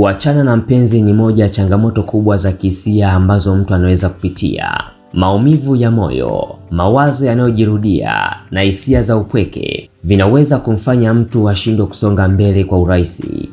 Kuachana na mpenzi ni moja ya changamoto kubwa za kihisia ambazo mtu anaweza kupitia. Maumivu ya moyo, mawazo yanayojirudia na hisia za upweke vinaweza kumfanya mtu ashindwe kusonga mbele kwa urahisi.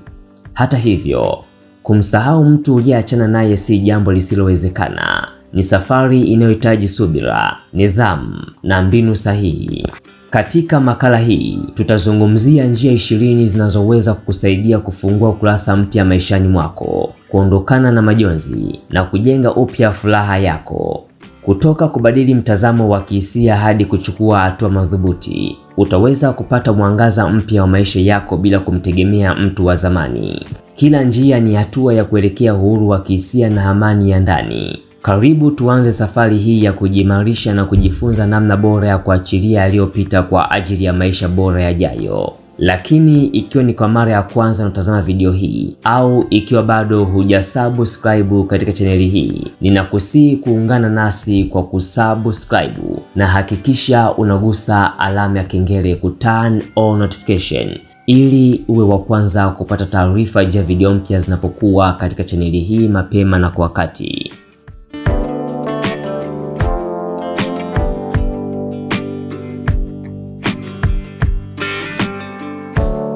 Hata hivyo, kumsahau mtu uliyeachana naye si jambo lisilowezekana ni safari inayohitaji subira, nidhamu na mbinu sahihi. Katika makala hii tutazungumzia njia ishirini zinazoweza kukusaidia kufungua ukurasa mpya maishani mwako, kuondokana na majonzi na kujenga upya furaha yako. Kutoka kubadili mtazamo wa kihisia hadi kuchukua hatua madhubuti, utaweza kupata mwangaza mpya wa maisha yako bila kumtegemea mtu wa zamani. Kila njia ni hatua ya kuelekea uhuru wa kihisia na amani ya ndani. Karibu tuanze safari hii ya kujimarisha na kujifunza namna bora ya kuachilia yaliyopita kwa ajili ya maisha bora yajayo. Lakini ikiwa ni kwa mara ya kwanza unatazama video hii au ikiwa bado hujasubscribe katika chaneli hii, ninakusihi kuungana nasi kwa kusubscribe na hakikisha unagusa alama ya kengele ku turn on notification ili uwe wa kwanza kupata taarifa ya video mpya zinapokuwa katika chaneli hii mapema na kwa wakati.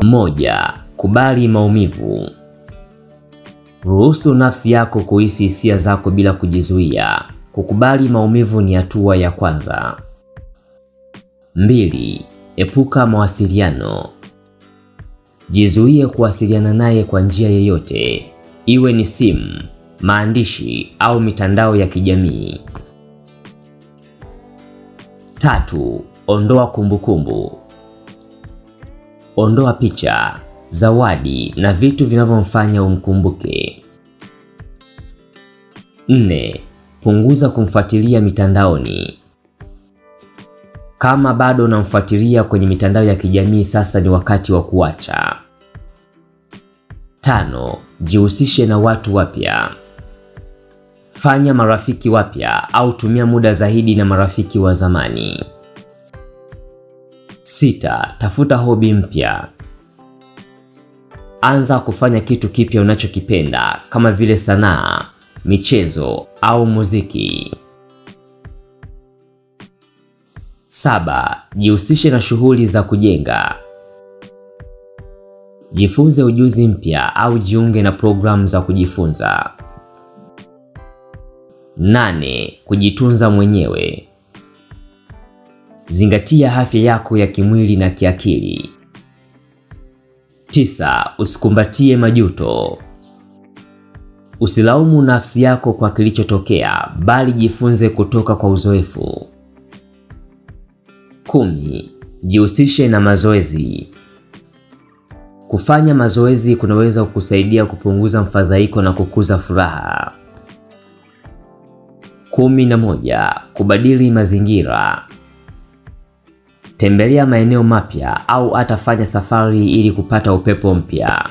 Moja, kubali maumivu. Ruhusu nafsi yako kuhisi hisia zako bila kujizuia. Kukubali maumivu ni hatua ya kwanza. Mbili, epuka mawasiliano. Jizuie kuwasiliana naye kwa njia yoyote, iwe ni simu, maandishi au mitandao ya kijamii. Tatu, ondoa kumbukumbu. Ondoa picha, zawadi na vitu vinavyomfanya umkumbuke. Nne, punguza kumfuatilia mitandaoni. Kama bado unamfuatilia kwenye mitandao ya kijamii, sasa ni wakati wa kuacha. Tano, jihusishe na watu wapya. Fanya marafiki wapya au tumia muda zaidi na marafiki wa zamani. Sita, tafuta hobi mpya. Anza kufanya kitu kipya unachokipenda kama vile sanaa, michezo au muziki. Saba, jihusishe na shughuli za kujenga. Jifunze ujuzi mpya au jiunge na programu za kujifunza. Nane, kujitunza mwenyewe. Zingatia afya yako ya kimwili na kiakili. Tisa, usikumbatie majuto. Usilaumu nafsi yako kwa kilichotokea, bali jifunze kutoka kwa uzoefu. Kumi, jihusishe na mazoezi. Kufanya mazoezi kunaweza kukusaidia kupunguza mfadhaiko na kukuza furaha. Kumi na moja, kubadili mazingira tembelea maeneo mapya au hata fanya safari ili kupata upepo mpya.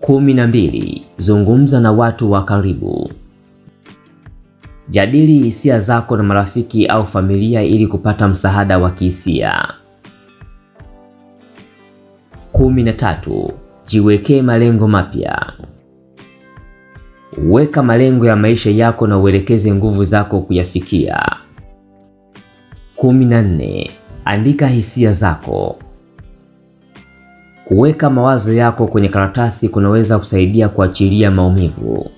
Kumi na mbili. Zungumza na watu wa karibu. Jadili hisia zako na marafiki au familia ili kupata msaada wa kihisia. Kumi na tatu. Jiwekee malengo mapya. Weka malengo ya maisha yako na uelekeze nguvu zako kuyafikia. 14. Andika hisia zako. Kuweka mawazo yako kwenye karatasi kunaweza kusaidia kuachilia maumivu.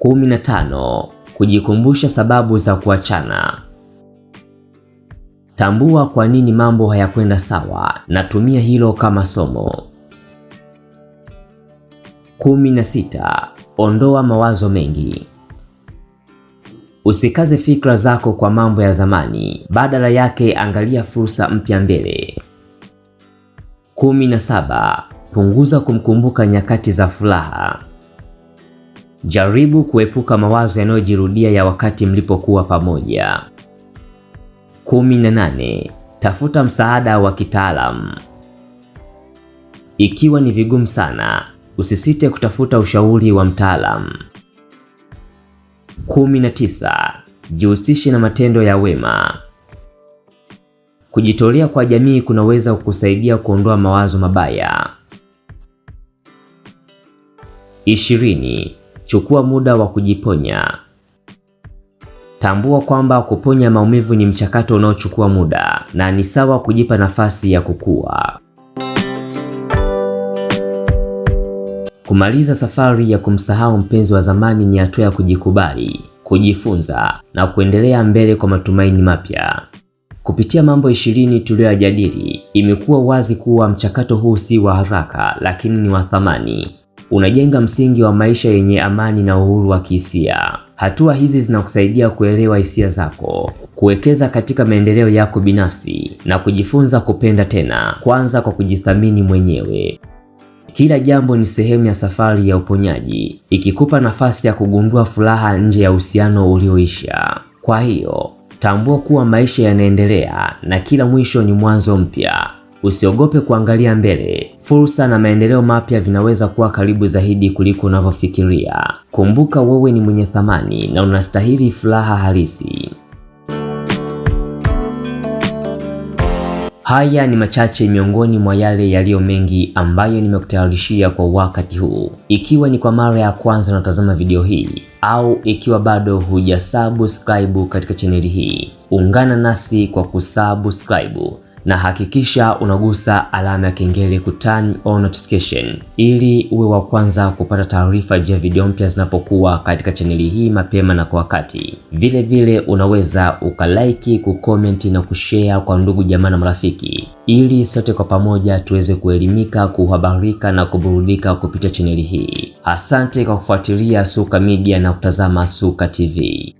15. Kujikumbusha sababu za kuachana. Tambua kwa nini mambo hayakwenda sawa na tumia hilo kama somo. 16. Ondoa mawazo mengi. Usikaze fikra zako kwa mambo ya zamani, badala yake angalia fursa mpya mbele. Kumi na saba. Punguza kumkumbuka nyakati za furaha. Jaribu kuepuka mawazo yanayojirudia ya wakati mlipokuwa pamoja. Kumi na nane. Tafuta msaada wa kitaalamu. Ikiwa ni vigumu sana, usisite kutafuta ushauri wa mtaalamu. 19. Jihusishe na matendo ya wema. Kujitolea kwa jamii kunaweza kukusaidia kuondoa mawazo mabaya. 20 chukua muda wa kujiponya. Tambua kwamba kuponya maumivu ni mchakato unaochukua muda na ni sawa kujipa nafasi ya kukua. Kumaliza safari ya kumsahau mpenzi wa zamani ni hatua ya kujikubali, kujifunza na kuendelea mbele kwa matumaini mapya. Kupitia mambo ishirini tuliyoyajadili, imekuwa wazi kuwa mchakato huu si wa haraka, lakini ni wa thamani. Unajenga msingi wa maisha yenye amani na uhuru wa kihisia. Hatua hizi zinakusaidia kuelewa hisia zako, kuwekeza katika maendeleo yako binafsi na kujifunza kupenda tena, kwanza kwa kujithamini mwenyewe. Kila jambo ni sehemu ya safari ya uponyaji, ikikupa nafasi ya kugundua furaha nje ya uhusiano ulioisha. Kwa hiyo, tambua kuwa maisha yanaendelea na kila mwisho ni mwanzo mpya. Usiogope kuangalia mbele. Fursa na maendeleo mapya vinaweza kuwa karibu zaidi kuliko unavyofikiria. Kumbuka, wewe ni mwenye thamani na unastahili furaha halisi. Haya ni machache miongoni mwa yale yaliyo mengi ambayo nimekutayarishia kwa wakati huu. Ikiwa ni kwa mara ya kwanza unatazama video hii au ikiwa bado hujasubscribe katika chaneli hii, ungana nasi kwa kusubscribe na hakikisha unagusa alama ya kengele ku turn on notification ili uwe wa kwanza kupata taarifa juu ya video mpya zinapokuwa katika chaneli hii mapema na kwa wakati. Vile vile unaweza ukalaiki, kukomenti na kushare kwa ndugu jamaa na marafiki, ili sote kwa pamoja tuweze kuelimika, kuhabarika na kuburudika kupitia chaneli hii. Asante kwa kufuatilia Suka Media na kutazama Suka TV.